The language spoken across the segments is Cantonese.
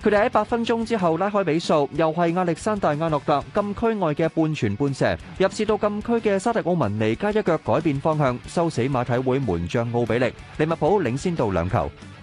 佢哋喺八分鐘之後拉開比數，又係亞歷山大·阿諾特禁區外嘅半傳半射入射到禁區嘅沙迪奧文尼加一腳改變方向，收死馬體會門將奧比力，利物浦領先到兩球。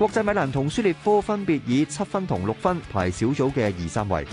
國際米蘭同舒列科分別以七分同六分排小組嘅二三位。